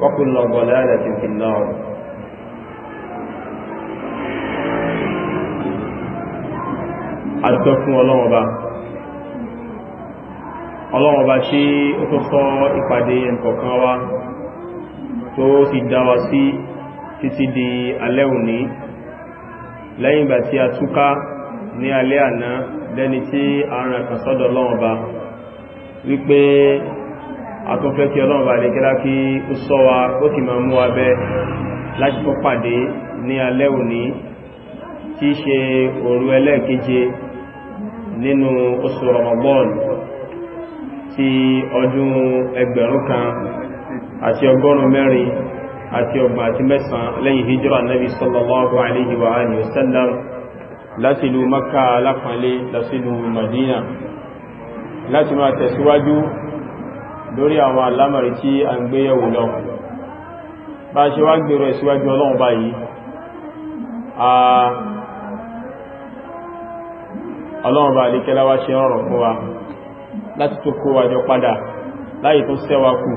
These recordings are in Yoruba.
وكل ضلالة في النار àdúgbò fún ọlọ́run ọba ọlọ́run ọba ṣe ó tó sọ ìpàdé ẹnkọ̀kan wá tó sì dáwà sí títí di alẹ́ òní lẹ́yìn ìgbà tí a túká ní alẹ́ àná lẹ́ni tí a rán sọ́dọ̀ ọlọ́run wípé àtúnfẹ́ kí ọlọ́run bá lè kíra kí ó sọ wa ó kì máa mú wa bẹ́ láti tó pàdé ní alẹ́ òní tí ṣe òru ẹlẹ́ẹ̀keje nínú oṣù Ramadan ti ọdún ẹgbẹ̀rún kan àti ọgọ́rùn mẹ́rin àti ọgbà àti mẹ́sàn lẹ́yìn hijira nabi sallallahu alaihi wa alihi wasallam láti ìlú Makka alápàálé láti ìlú Madina láti máa tẹ̀síwájú lórí àwọn alámọ̀rí tí a ń gbé yẹ̀wò lọ bá ṣe wá gbèrò ẹ̀síwájú ọlọ́run báyìí ọlọ́run bá alékẹ́lá wá ṣe rọrùn fún wa láti tó kó wájọ padà láì tó sẹ́wà kù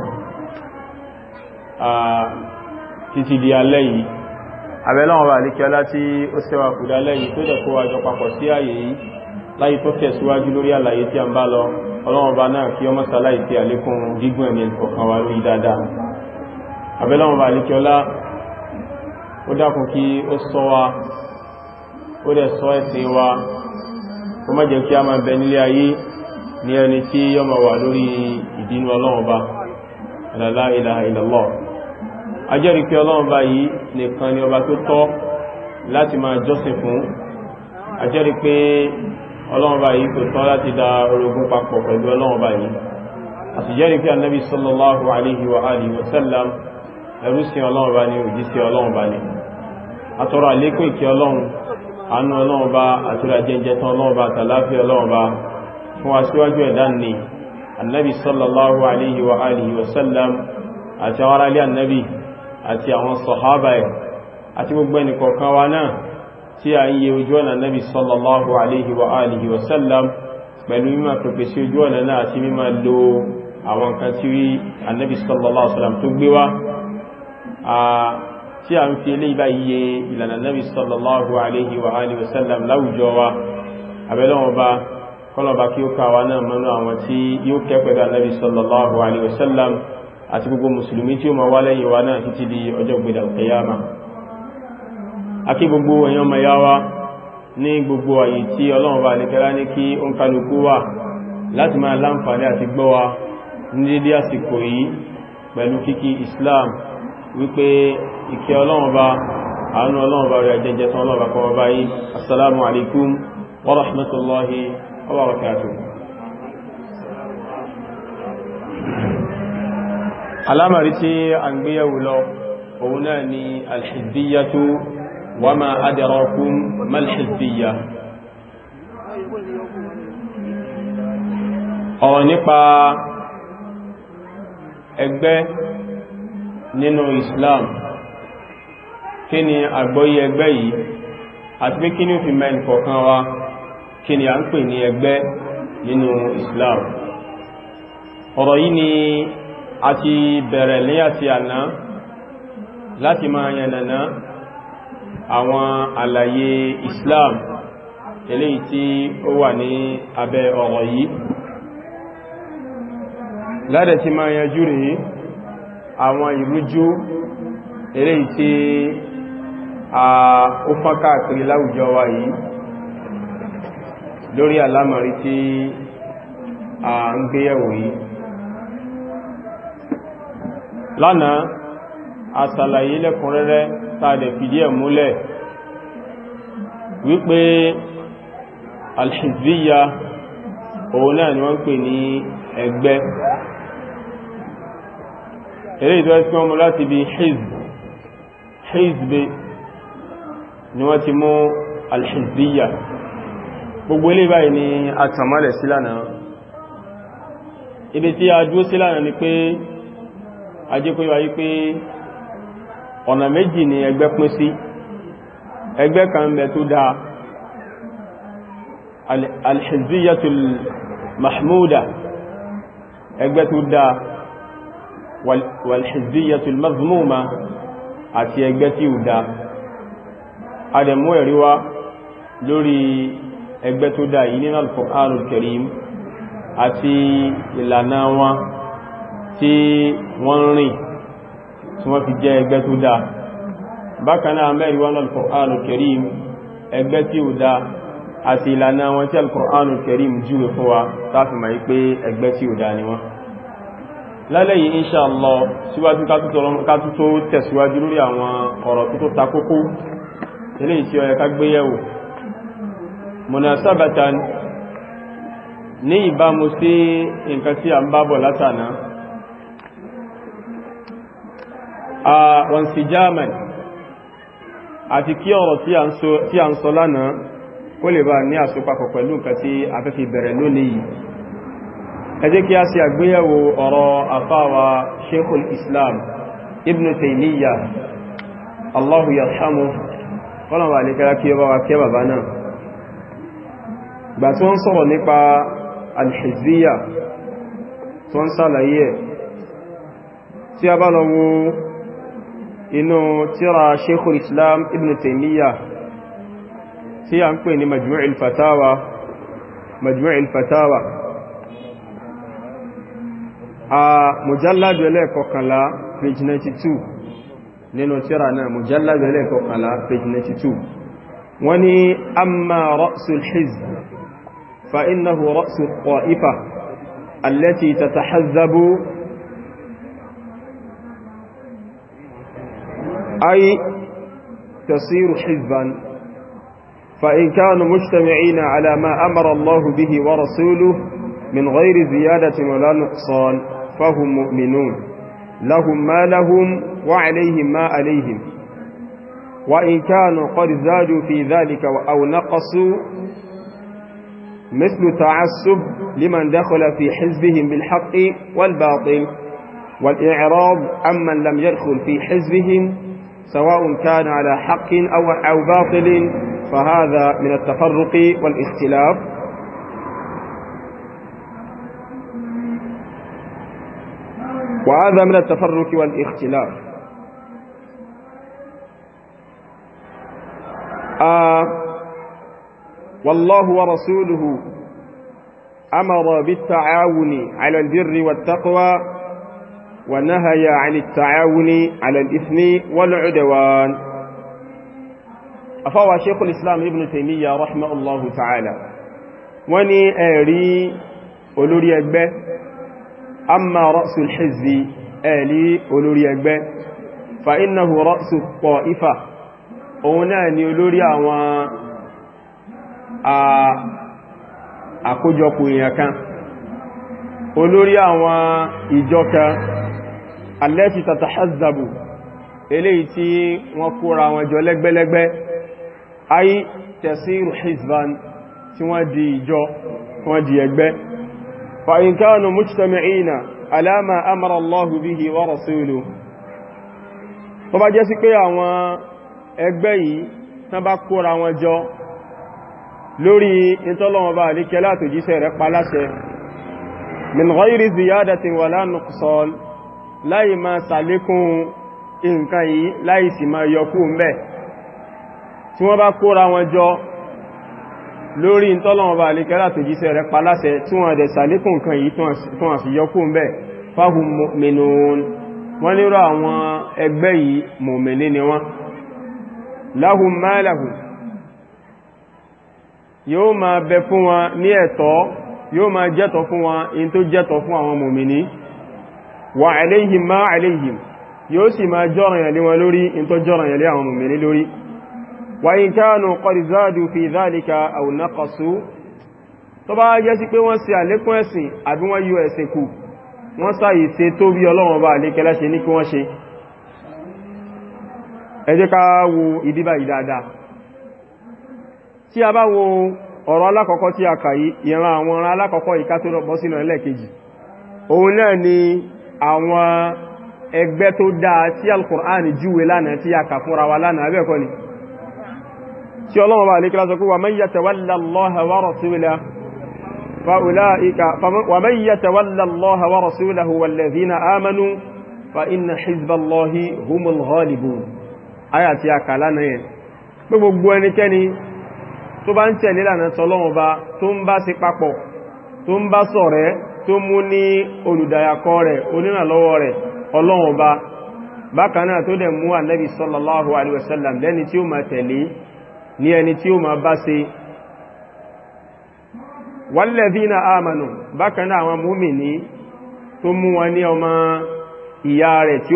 títí di alẹ́ yìí abẹ́lọ́run bá alékẹ́lá tí ó sẹ́wà kù dálẹ́ yìí tó jẹ́ kó wájọ papọ̀ sí ààyè yìí láì tó tẹ̀síwájú lórí àlàyé tí a ń bá lọ ọlọ́run ọba náà kí ọmọ sálá ìpé àlékún gígùn ẹ̀mí ọ̀kan wa lórí dáadáa abẹ́lọ́run ọba àlékiọlá ó dákun kí ó ṣọ́ wa ó dẹ̀ ṣọ́ ẹ̀sìn wa ó má jẹ́ kí a máa bẹ nílé ayé ní ẹni tí ọmọ wà lórí ìdínú ọlọ́run ọba la ni ọba tó tọ́ láti máa jọ́sìn fún pé ọlọ́run báyìí kò tọ́ láti dá orogún papọ̀ pẹ̀lú ọlọ́run báyìí àtìjẹ́rì pé annabi sallallahu alaihi wa alihi wa sallam ẹrú sí ọlọ́run bá ní òjì sí ọlọ́run bá ní àtọrọ àlékún ìkẹ́ ọlọ́run àánú ọlọ́run bá àtúrà jẹ́jẹ́ tán ọlọ́run bá tàláfí ọlọ́run bá fún aṣíwájú ẹ̀dá àti tí a ń yẹ ojú ọ̀nà nabi sallallahu alaihi wa alihi wa sallam pẹ̀lú mímọ̀ pẹ̀pẹ̀ sí ojú ọ̀nà náà àti mímọ̀ lo àwọn nǹkan tí annabi sallallahu alaihi wa sallam tó gbé wá tí a ń fi ilé ibá iye ìlànà nabi sallallahu alaihi wa alihi wa sallam láwùjọ wa abẹ́lọ́wọ́ bá kọlọba kí ó káwa náà mọ́nú àwọn tí yóò kẹ́pẹ̀lú àti gbogbo èèyàn mayawa ní gbogbo àyè tí ọlọ́run bá nìkẹ́lá ní kí ó ń kálukú wà láti máa láǹfààní àti gbọ́wa ní dédé àsìkò yìí pẹ̀lú kíkí Islam wípé ìkẹ́ ọlọ́run bá àánú ọlọ́run bá rí àjẹjẹ tán ọlọ́run bá kọwọ́ báyìí assalamu alaikum wa rahmatullahi wa barakatuh alámàrí tí a ń gbéyàwó lọ òun náà ni alhìdíyàtú wa ma adrakum mal hizbiyya ọ̀rọ̀ nípa ẹgbẹ́ nínú Islam kí ni àgbọ́yé ẹgbẹ́ yìí àti pé kí ni ó fi mẹ́rin kọ̀ọ̀kan wa kí ni a ń pè ní ẹgbẹ́ nínú Islam ọ̀rọ̀ yìí ni a ti bẹ̀rẹ̀ léyà ti àná láti máa yànnàná àwọn àlàyé Islam eléyìí tí ó wà ní abẹ́ ọ̀rọ̀ yìí ládẹ̀ tí máa yanjú rèé àwọn ìrújú eléyìí tí a ó fán káàkiri láwùjọ wa yìí lórí àlámọ̀rí tí a ń gbéyẹ̀wò yìí lánàá a ṣàlàyé lẹ́kùnrẹ́rẹ́ tàdẹ̀ fìdí ẹ̀ múlẹ̀ wípé alhizbiya òun náà ni wọ́n pè ní ẹgbẹ́ eré ìtọ́ ẹ̀sìn ọmọ láti bí hizb hizbi ni wọ́n ti mú alhizbiya gbogbo ilé báyìí ni a tàmálẹ̀ sílànà ibi tí a dúó sílànà ni pé ajẹ́kọ́yọ́ ayé pé ọ̀nà méjì ni ẹgbẹ́ pín sí ẹgbẹ́ kan ń bẹ tó dáa alhizbiyatul mahmuda ẹgbẹ́ tó dáa walhizbiyatul mazmuma àti ẹgbẹ́ tí ò dáa adẹ̀mú ẹ̀ríwá lórí ẹgbẹ́ tó dáa yìí nínú al àti ìlànà wọn tí wọ́n rìn tí wọ́n fi jẹ́ ẹgbẹ́ tó dáa bákanáà mẹ́rin wọn al-Qur'an al-Karim ẹgbẹ́ tí ó dáa àti ìlànà wọn tí al-Qur'an al-Karim júwe fún wa táfi ma pé ẹgbẹ́ tí ó dáa ni wọ́n lálẹ́ yìí insha Allah síwájú kátútó tẹ̀síwájú lórí àwọn ọ̀rọ̀ tó tó takókó ilé ìtí ọ̀yẹ ká gbéyẹ̀wò munasabatan ní ìbámu sí nǹkan tí a ń bábọ̀ látànáà wansijaman àti kí ọ̀rọ̀ tí a ń sọ lánàá kó lè bá ní àsopapọ̀ pẹ̀lú nǹkan tí a fẹ́ fi bẹ̀rẹ̀ lónìí yìí ẹ jẹ́ kí a ṣe àgbéyẹ̀wò ọ̀rọ̀ àfáwà sheikhul islam ibn taymiyyah allahu yarhamu kọ́lọ̀wà ní kẹ́lá kí ó bá wa kẹ́ bàbá náà gbà tí wọ́n sọ̀rọ̀ nípa al-hizbiyya tí wọ́n sàlàyé tí a bá lọ wo inú tírà sheikhul islam ibn taymiya tí a ń pè ní majmu'il fatawa majmu'il fatawa a mujalladu ẹlẹ́kọ̀kànlá page 92 nínú tírà náà mujalladu ẹlẹ́kọ̀kànlá page 92 wọ́n ní amma ra'sul hizb fa innahu ra'sul qa'ifa allati tatahazzabu أي تصير حزبا فإن كانوا مجتمعين على ما أمر الله به ورسوله من غير زيادة ولا نقصان فهم مؤمنون لهم ما لهم وعليهم ما عليهم وإن كانوا قد زادوا في ذلك أو نقصوا مثل تعصب لمن دخل في حزبهم بالحق والباطل والإعراض عمن لم يدخل في حزبهم سواء كان على حق أو, أو باطل فهذا من التفرق والاختلاف وهذا من التفرق والاختلاف آه والله ورسوله أمر بالتعاون على البر والتقوى ونهي عن التعاون على الإثم والعدوان أفوى شيخ الإسلام ابن تيمية رحمه الله تعالى وني أري أولوري أكبر أما رأس الحزب ألي أولوري أكبر فإنه رأس الطائفة أولاني أولوري أوان أكجوكو يكا أولوري أوان إجوكا alẹ́tì tàtàhàzàbù eléyìí tí wọ́n kóra wọn jọ lẹ́gbẹ́lẹ́gbẹ́ ayé tẹ̀síru hizban tí wọ́n di ìjọ wọ́n di ẹgbẹ́ fa'inkánu mujtami'ina alama amara allahu bihi wa rasuluhu tó bá jẹ́ sí pé àwọn ẹgbẹ́ yìí tán bá kóra wọn jọ lórí ìtọ́lọ́wọ́n bá àríkẹ́ látòjíṣẹ́ rẹ̀ paláṣẹ min ghairi ziyadatin wala nuqsan láì máa sàlékún nǹkan yìí láì sì máa yọkú mẹ́ tí wọ́n bá kóra wọn jọ lórí ìtọ́lọ̀wọ̀n bá àlékẹ́lá tó jíṣẹ́ rẹ̀ paláṣẹ tí wọ́n dẹ̀ sàlékún nǹkan yìí tí wọ́n fi yọkú mẹ́ fáhùn mẹ́nùún wọ́n nírò àwọn ẹgbẹ́ yìí mọ̀mẹ́lé ni wọ́n láhùn máa láhùn yóò wà aléhìm má aléhìm yóò sì máa jọ́ranyàn lé wọn lórí in tó jọ́ranyàn lé àwọn mùmìnì lórí wà in kánù qad zadu fi dhalika aw naqasu tó bá jẹ́ sí pé wọ́n ṣe àlékún ẹ̀sìn àbí wọ́n yọ ẹ̀sìn kù wọ́n sáyì ṣe tó bí ọlọ́wọ́n bá lékẹ́lá ṣe ní kí wọ́n ṣe ẹ jẹ́ ká wo ìdíbà ìdáadáa tí a bá wo ọ̀rọ̀ alákọ̀ọ́kọ́ tí a kà yìí ìran àwọn alákọ̀ọ́kọ́ ìká tó ẹlẹ́ẹ̀kejì òun náà ni àwọn ẹgbẹ́ tó dáa tí al-Qur'an júwe lánàá tí a kà fúnra wa lánàá abẹ́ẹ̀kọ́ ni tí Ọlọ́run bá lè kílá sọ pé wa man yatawalla Allaha wa rasulahu fa ulaika wa man yatawalla Allaha fa inna hizba humul ghalibun tó ń bá tó papọ̀ tó ń bá ṣọ̀rẹ́ tó mú ní olùdàyàkọ rẹ̀ onírànlọ́wọ́ rẹ̀ ọlọ́run ọba bákan náà tó dẹ̀ mú ànábì sallallahu alaihi wasallam lẹ́ni tí ó máa tẹ̀lé ní ẹni tí ó máa bá ṣe walladhina amanu bákan náà àwọn múmìní tó mú wọn ní ọmọ ìyá rẹ̀ tí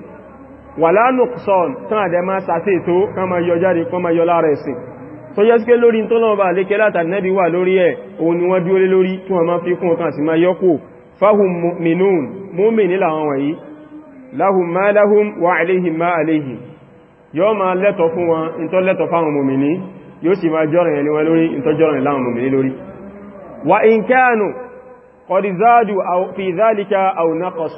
wàlá nùkṣọ́n tán àdẹ máa sàtẹ́ tó kán máa yọ jáde kán máa yọ lára ẹ̀sìn tó yẹ́ síké lórí tó lọ́wọ́ bá lékẹ́ látànẹ́bí wà lórí ẹ̀ òun ni wọ́n dúró lé lórí tí wọ́n máa fi kún ọkàn sí máa yọ́kù fáhùn mìnún múmìnì làwọn wọ̀nyí láhùn máa láhùn wà àléhìn máa àléhìn yóò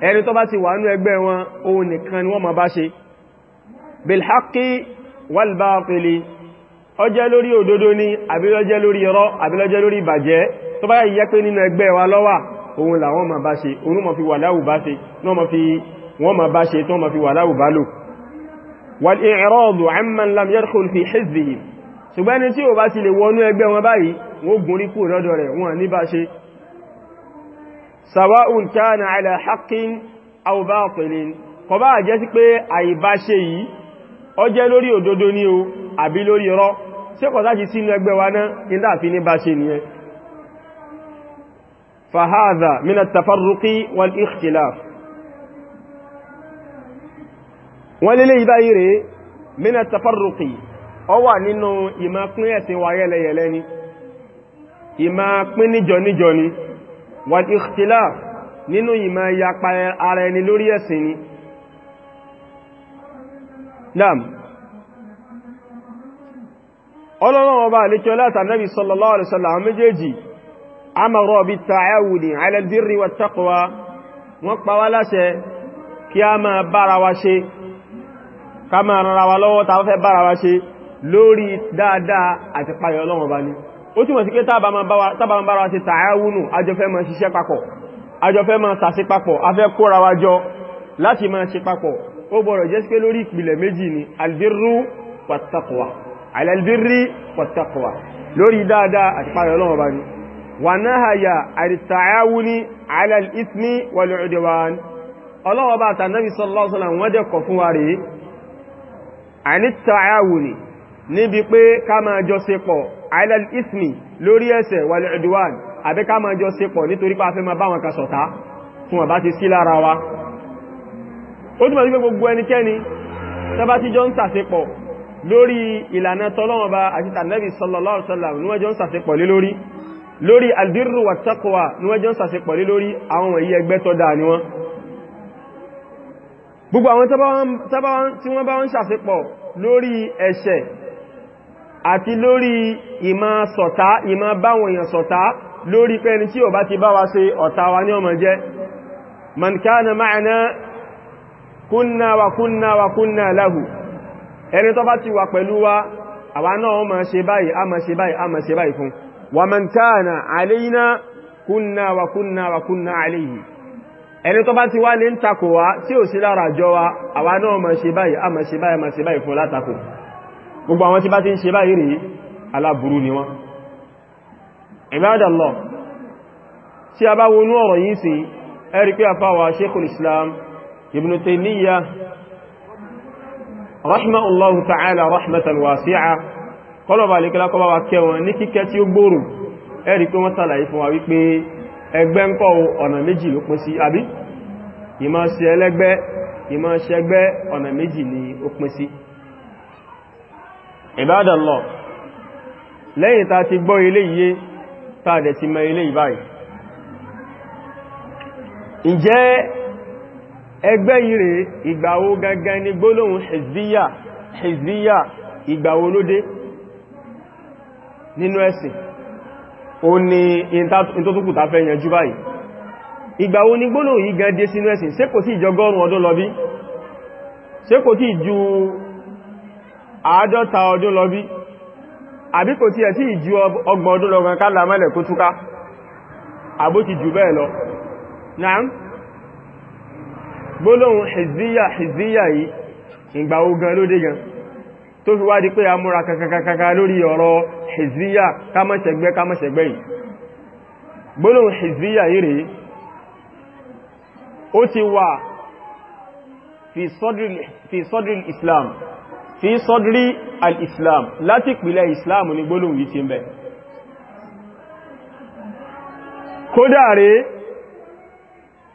ẹni tó bá ti wà nú ẹgbẹ́ wọn òun nìkan ni wọ́n ma bá ṣe bilhaki walbaatili ọjẹ́ lórí òdodo ni àbílọ́jẹ́ lórí irọ́ àbílọ́jẹ́ lórí ìbàjẹ́ tó bá yẹ pé nínú ẹgbẹ́ wa lọ́wà òun làwọn ma bá ṣe òun ma fi wà láwù bá ṣe wọ́n ma bá ṣe tó ma fi wà láwù bá ṣe sawa'un kana ala haqqin aw batilin kò bá jẹ́ sí pé àìbáṣe yìí ó jẹ́ lórí òdodo ni o àbí lórí rọ́ ṣe kọ̀ sáàjì sínú ẹgbẹ́ wa náà nígbà fi ní báṣe nìyẹn fahadha min ìmá pín níjọ níjọ ni, wal ikhtilaf nínú ìmọ̀ ìyapa ara ẹni lórí ẹ̀sìn ni naam ọlọ́run ọba àlékẹ́ láti ànábì sallallahu alaihi wasallam méjèèjì amara bit ta'awuni ala al-birri wat taqwa wọ́n pa wá láṣẹ kí a máa bára lórí dáadáa àti payọ̀ ọlọ́run ọba ni ó túnmọ̀ sí pé tábà máa bára ṣe tààwùnù ajọfẹ́ máa ṣiṣẹ́ papọ̀ ajọfẹ́ máa sàṣe papọ̀ afẹ́ kóra wa jọ láti máa ṣe papọ̀ ó gbọ́dọ̀ jẹ́ sí pé lórí ìpìlẹ̀ méjì ni albirru wattaqwa alalbirri wattaqwa lórí dáadáa àti pààrẹ ọlọ́wọ́ bá ní wà náà yà àìtààwùní alalismi wal'udwan ọlọ́wọ́ bá tànàbí níbi pé ká máa jọ ṣe pọ̀ alal ismi lórí ẹ̀ṣẹ̀ wal udwan àbí ká máa jọ sepọ̀ nítorí pé a fẹ́ máa bá wọn kan ṣọ̀tá fún ọba ti sí lára wa ó túnmọ̀ sí pé gbogbo ẹnikẹ́ni tọ́bá tí jọ ń sàsepọ̀ lórí ìlànà tọ́lọ́wọ́ba àti tànẹ́bì sallallahu alaihi wasallam ní wọ́n jọ ń sàsepọ̀ lé lórí lórí albirru wa taqwa ní wọ́n jọ ń sàsepọ̀ lé lórí àwọn èyí ẹgbẹ́ tọ́ dáa ni wọ́n gbogbo àwọn tí wọ́n bá ń sàsepọ̀ lórí ẹ̀ṣẹ̀ àti lórí ìmá ṣọ̀tá ìmá báwọn èèyàn ṣọ̀tá lórí pẹ́ni tí ò bá ti bá wa ṣe ọ̀tá wa ní ọmọ jẹ́ man kana ma'ana kunna wa kunna wa kunna lahu ẹni tó bá ti wà pẹ̀lú wa àwa náà ma ṣe báyìí a ma ṣe báyìí fún kunna wa kunna wa kunna alayhi ẹni tó bá ti wá lè ń takò wá tí gbogbo àwọn tí bá ti ń ṣe báyìí rí aláburú ni wọ́n ibadallah tí a bá wọnú ọ̀rọ̀ yìí sí ẹ̀rí pé àfáwà sheikhul islam ibn taymiyyah rahimahullahu ta'ala rahmatan wasi'a kọlọ̀bà lè kílákọ́ bá wa kẹwọn ní kíkẹ́ tí ó gbòòrò ẹ̀rí pé wọ́n tàlàyé fún wa wípé ẹgbẹ́ ń kọ́ ọ̀nà méjì ló pín sí àbí ìmọ̀ ṣe ẹlẹ́gbẹ́ ìmọ̀ ṣẹgbẹ́ ọ̀nà méjì ni ó pín sí Ibadallah lẹ́yìn ta ti gbọ́ ilé iye tààdẹ̀ ti mọ ilé ìbáyìí ǹjẹ́ ẹgbẹ́ ire ìgbàwo gangan ni gbólóhùn hizbiyya hizbiyya ìgbàwo lódé nínú ẹ̀sìn o ni ìntótókùtà fẹ́ yanjú báyìí ìgbàwo ni gbólóhùn yìí gan sínú ẹ̀sìn ṣé kò tí ìjọgọ́rùn ọdún lọ bí ṣé kò tí ju àádọ́ta ọdún lọ bí àbí kò tí ẹ̀ tí ìjú ọgbọ̀n ọdún lọ kan kálà mẹ́lẹ̀ kó túká àbó ti jù bẹ́ẹ̀ lọ náà gbólóhùn hizziya hizziya yìí ìgbà ogan ló gan tó fi wá pé a múra kakakaka lórí ọ̀rọ̀ hizziya kámọ́sẹ̀gbẹ́ kámọ́sẹ̀gbẹ́ yìí gbólóhùn hizziya yìí rèé ó ti wà fi islam fi sọ́dírí al-islam láti pìlẹ̀ islam ní gbólóhùn yìí ti ń bẹ kódà rẹ̀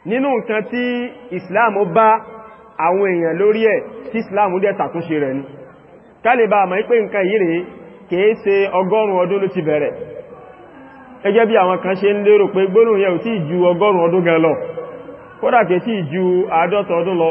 nínú nǹkan tí islam bá àwọn èèyàn lórí ẹ̀ tí islam dẹ̀ tàtúnṣe rẹ̀ ni kálẹ̀bà àmà ipé nǹkan yìí rẹ̀ kìí ṣe ọgọ́rùn ọdún ló ti bẹ̀rẹ̀ gẹ́gẹ́ bí àwọn kan ṣe ń lérò pé gbólóhùn yẹn tí ju ọgọ́rùn ọdún gan lọ kódà kìí tí ju àádọ́ta ọdún lọ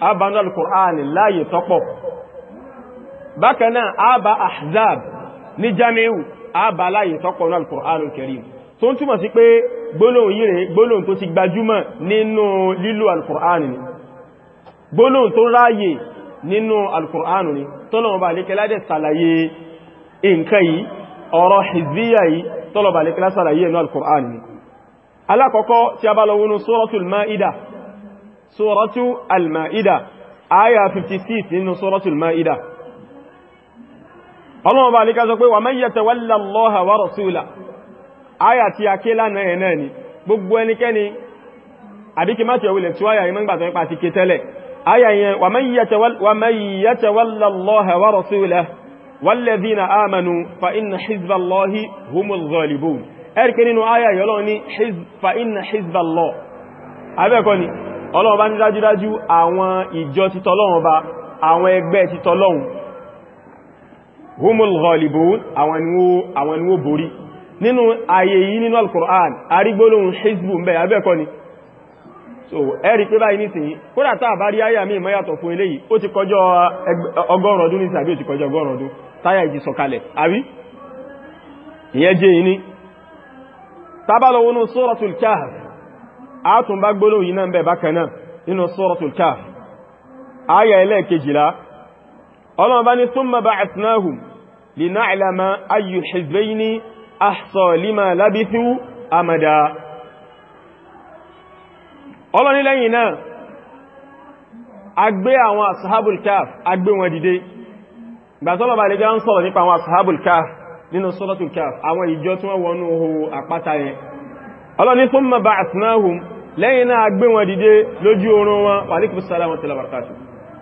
abanu al-Qur'an láàyè tọ́pọ̀ bákan náà àbá ahzab ní jamiu àbá láàyè tọ́pọ̀ ní al-Qur'an al-Karim tó ń túmọ̀ sí pé gbólóhùn yìí rẹ̀ gbólóhùn tó ti gbajúmọ̀ nínú lílo al-Qur'an ni gbólóhùn tó ráyè nínú al-Qur'an ni tọ́lọ̀wọ̀n bá tí a bá lọ wọnú suratul Ma'idah suratu al-ma'ida aya 56 nínú suratu al-ma'ida ọlọ́wọ́ bá alíká sọ pé wa man yatawalla Allaha wa rasulahu aya ti aké lánàá ẹ̀ náà ni gbogbo ẹnikẹ́ni àbíkí má ti ẹ̀wùlẹ̀ tí wáyà yìí mọ́gbàtọ̀ nípa ti ké tẹ́lẹ̀ aya yẹn wa man yatawalla Allaha wa ọlọ́run bá ní dájúdájú àwọn ìjọ ti tọ́lọ́run bá àwọn ẹgbẹ́ ti tọ́lọ́run humul ghalibun àwọn ni wọ́n borí nínú ayé yìí nínú al-Qur'an arígbólóhun hizbu mbẹ̀ abẹ́kọ́ ni so ẹ̀rí pé báyìí nísìnyí kódà táà bá rí ayà mí mọ́yàtọ̀ fún eléyìí ó ti kọjọ ọgọ́rùn ọdún nísìnyí àbí ó ti kọjọ ọgọ́rùn ọdún táyà ìjì sọ̀kalẹ̀ àbí àátùn bá gbóló yìí náà bẹ̀ bákan náà nínú suratul Kahf ayà ẹlẹ́ẹ̀kejìlá ọlọ́run bá ní thumma ba'athnahum lina'lama ayyul hizbayni ahsa lima labithu amada ọlọ́ni lẹ́yìn náà agbé àwọn ashabul Kahf agbé wọn dìde gbàtọ́lọ̀ bá lè gá ń sọ̀rọ̀ nípa àwọn ashabul Kahf nínú lẹ́yìn náà gbé wọn dìde lójú oorun wọn wàlíkù sálàmù tàbàkàtù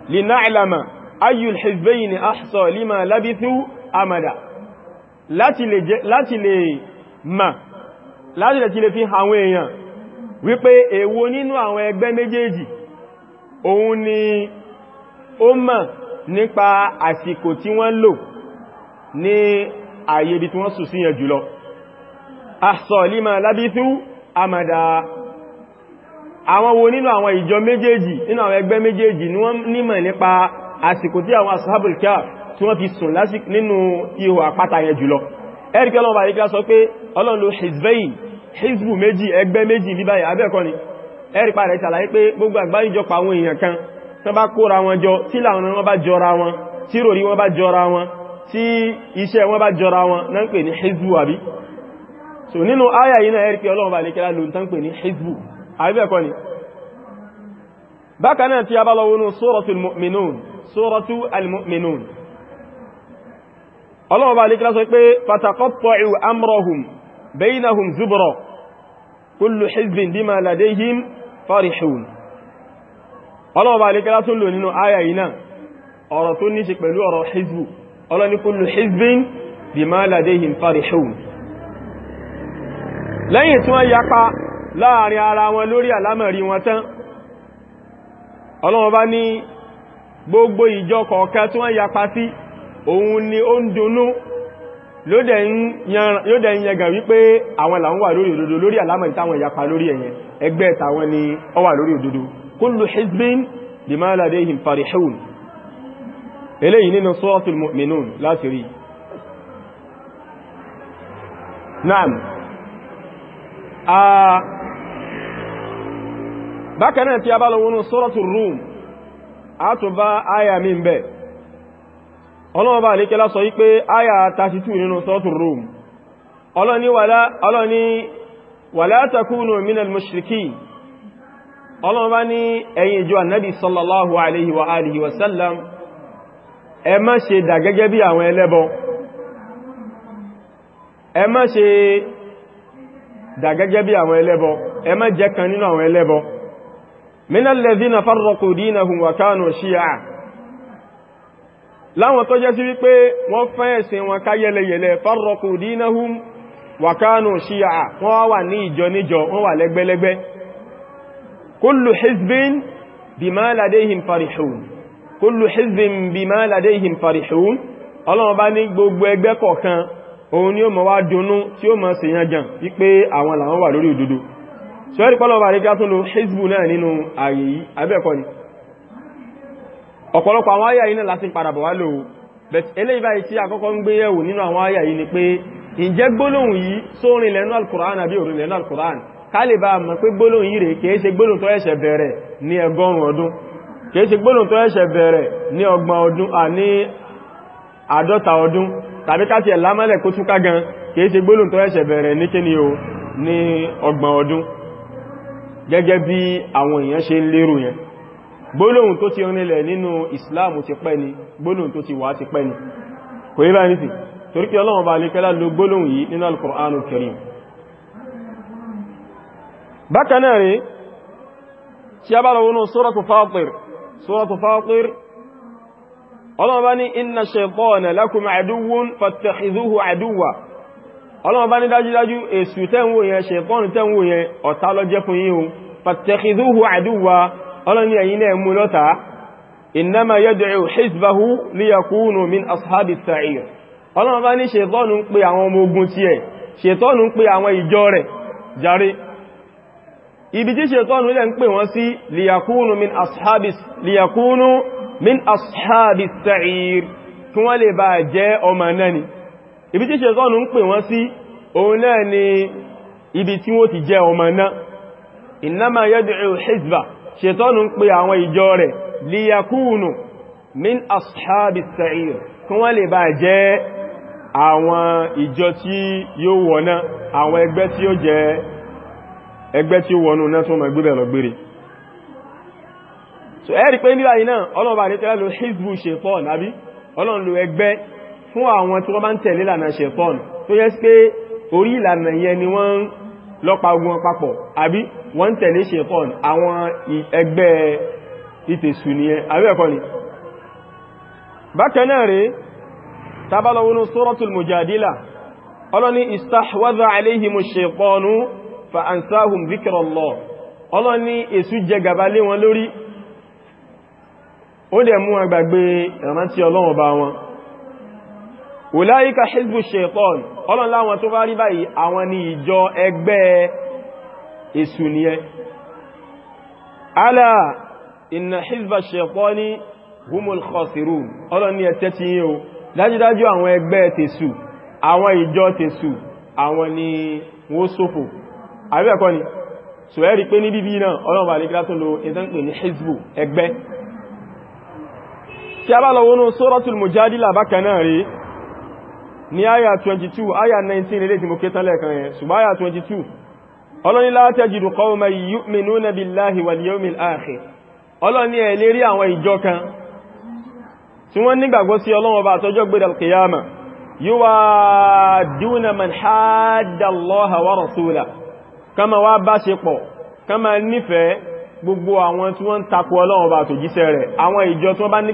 lè náà ìlàmà ayyul hizbayn ni ahsa lima labithu amada láti lè ma láti lè ti lè fi àwọn èèyàn wípé èwo nínú àwọn ẹgbẹ́ méjèèjì òun ni ó mọ̀ nípa àsìkò tí wọ́n lò ní àyèbí tí wọ́n sùn sí yẹn jùlọ ahsa lima labithu amada àwọn wo nínú àwọn ìjọ méjèèjì nínú àwọn ẹgbẹ́ méjèèjì ni wọ́n nímọ̀ nípa àsìkò tí àwọn ashabul kahf tí wọ́n fi sùn lásìkò nínú ihò àpáta yẹn jùlọ ẹ̀rìkẹ́ ọlọ́run bàrí ká sọ pé ọlọ́run ló hizbayn hizbu méjì ẹgbẹ́ méjì níbáyà ni ẹ̀rìpa rẹ̀ ṣàlàyé pé gbogbo àgbáríjọpọ̀ àwọn èèyàn kan tán bá kóra wọn jọ tí làwọn wọn bá jọra wọn so nínú áyà yìí náà ẹ̀rìkẹ́ ọlọ́run bàrí ká lò ń àbíbẹ̀kọ́ ni bákanáà tí a bá lọ wọnú suratul mu'minun suratul al-mu'minun ọlọ́wọ́ bá líkílá sọ pé fataqatta'u amrahum baynahum zubra kullu hizbin bima ladayhim farihun ọlọ́wọ́ bá líkílá tún lò nínú áyà yìí náà ọ̀rọ̀ tó ní ṣe pẹ̀lú ọ̀rọ̀ hizbu ọlọ́ni láàrin ara wọn lórí àlámọ̀rí wọn tán ọlọ́wọ́n bá ní gbogbo ìjọ kọ̀ọ̀kẹ́ tí wọ́n yapa sí òun ni ó ń dunú ló dẹ̀ ń yẹgà wípé àwọn làwọn wà lórí òdodo lórí àlámọ̀rí táwọn yapa lórí ẹ̀yẹn ẹgbẹ́ tàwọn ni ó wà lórí òdodo kullu hizbin bima ladayhim farihun eléyìí bákan náà tí a bá lọ wọnú sọ́rọ̀tù Rum a tún bá àyà mi bẹ̀ ọlọ́wọ́ bá alékẹ́lá sọ wípé àyà 32 nínú sọ́rọ̀tù Rum ọlọ́ni wala takunu minal mushrikin ọlọ́wọ́ bá ní ẹ̀yin ìjọ annabi sallallahu alaihi wa alihi wasallam ẹ má ṣe dà gẹ́gẹ́ bí àwọn ẹlẹ́bọ ẹ má jẹ́ kan nínú àwọn ẹlẹ́bọ من الذين فرقوا دينهم وكانوا شيعا láwọn tó jẹ́ sí wípé wọ́n fẹ́ ẹ̀sìn wọn ká yẹlẹyẹlẹ farraqu dinahum wa kanu shi'a wọ́n wà ní ìjọ níjọ wọ́n wà lẹ́gbẹ́lẹ́gbẹ́ kullu hizbin bima ladayhim farihun kullu hizbin bima ladayhim farihun ọlọ́run bá ní gbogbo ẹgbẹ́ kọ̀ọ̀kan òun ni ó mọ̀ wá dunnú tí ó mọ̀ sí yanjan wípé àwọn làwọn wà lórí òdodo sọ́rí pọ́lọ̀bà rí gá tún lo náà nínú ààyè yìí abẹ́ẹ̀kọ́ ni ọ̀pọ̀lọpọ̀ àwọn àyà yìí náà láti padà bọ̀ wá lò but eléyìí báyìí tí àkọ́kọ́ ń gbé yẹ̀wò nínú àwọn àyà yìí ni pé ǹjẹ́ gbólóhùn yìí sórin al-Qur'an àbí al-Qur'an ká lè bá mọ̀ pé gbólóhùn yìí rèé kìí ṣe gbólóhùn tó ẹ̀ṣẹ̀ bẹ̀rẹ̀ ní ẹgọ́rùn ọdún kìí ṣe gbólóhùn tó ẹ̀ṣẹ̀ bẹ̀rẹ̀ ní ọgbọ̀n ọdún à ní àádọ́ta ọdún tàbí káti ẹ̀ lámọ́lẹ̀ kó túká ọgbọ̀n ọdún gẹ́gẹ́ bí àwọn èèyàn ṣe ń lérò yẹn gbólóhùn tó ti rinlẹ̀ nínú Islam ti pẹ́ ni gbólóhùn tó ti wà ti pẹ́ ni kò yí báyìí nìsìn torí kí Ọlọ́run bá lékẹ́lá lo gbólóhùn yìí nínú Al-Qur'anu Karim bákan ọlọ́wọ́ bá ní dájúdájú èsù tẹ́wò yẹn ṣẹ̀kọ́nù tẹ́wò yẹn ọ̀tá ló jẹ́ fún yín o fattakhidhuhu aduwwa ọlọ́ni ẹ̀yin náà mú lọ́ta innama yad'u hizbahu liyakunu min ashabis sa'ir ọlọ́wọ́ bá ní ṣẹ̀tọ́nù sa'ir kí wọ́n lè bá jẹ́ ọmọ náà ni ibi tí ṣẹ̀tọ́nù ń pè wọ́n sí òun náà ni ibi tí wọ́n ti jẹ ọmọ náà innama yad'u hizba ṣẹ̀tọ́nù ń pè àwọn ìjọ rẹ̀ liyakunu min ashabis sa'ir kí wọ́n lè bá jẹ́ àwọn ìjọ tí yóò wọ̀ná àwọn ẹgbẹ́ tí ó jẹ ẹgbẹ́ tí ó wọnú so ẹ́rì pé nílá yìí náà ọlọ́ọ̀bà ní tẹ́lá lo hizbu ṣẹ̀tọ́nù àbí ọlọ́ọ̀lù ẹgbẹ́ fún àwọn tí wọ́n bá ń tẹ̀lé ìlànà ṣẹ̀tọ́n tó yẹ sí pé orí ìlànà yẹn ni wọ́n lọ́pa ogun papọ̀ àbí wọ́n ń tẹ̀lé ṣẹ̀tọ́n àwọn ẹgbẹ́ ìtẹ̀sù nìyẹn àbí ó dẹ̀ mú agbàgbé ìrántí ọlọ́run bá wọn wùláyíká hizbu shaitan ọlọ́n láwọn tó bá rí báyìí àwọn ni ìjọ ẹgbẹ́ èṣù ni ẹ alá inna hizba shaitani humul khasirun ọlọ́n ni ẹ̀tẹ́ ti yíò dájúdájú àwọn ẹgbẹ́ tèṣù àwọn ìjọ tèṣù àwọn ni wọ́n sófò àríwẹ̀kọ́ ni so ẹ rí pé ní bíbí náà ní àyà 22 àyà 19 ilé tí mo ké yẹn ṣùgbọ́n àyà 22 ọlọ́ni la tajidu qawman yu'minuna billahi wal yawmil akhir ọlọ́ni ẹ̀ lérí àwọn ìjọ kan tí wọ́n nígbàgbọ́ sí Ọlọ́run Ọba àtọjọ́ gbé dàlkìyàmà yuwadduna man hadda Allaha wa rasulahu kama wá bá ṣe pọ̀ kama nífẹ̀ẹ́ gbogbo àwọn tí wọ́n takò Ọlọ́run Ọba àtòjíṣẹ́ rẹ̀ àwọn ìjọ tí wọ́n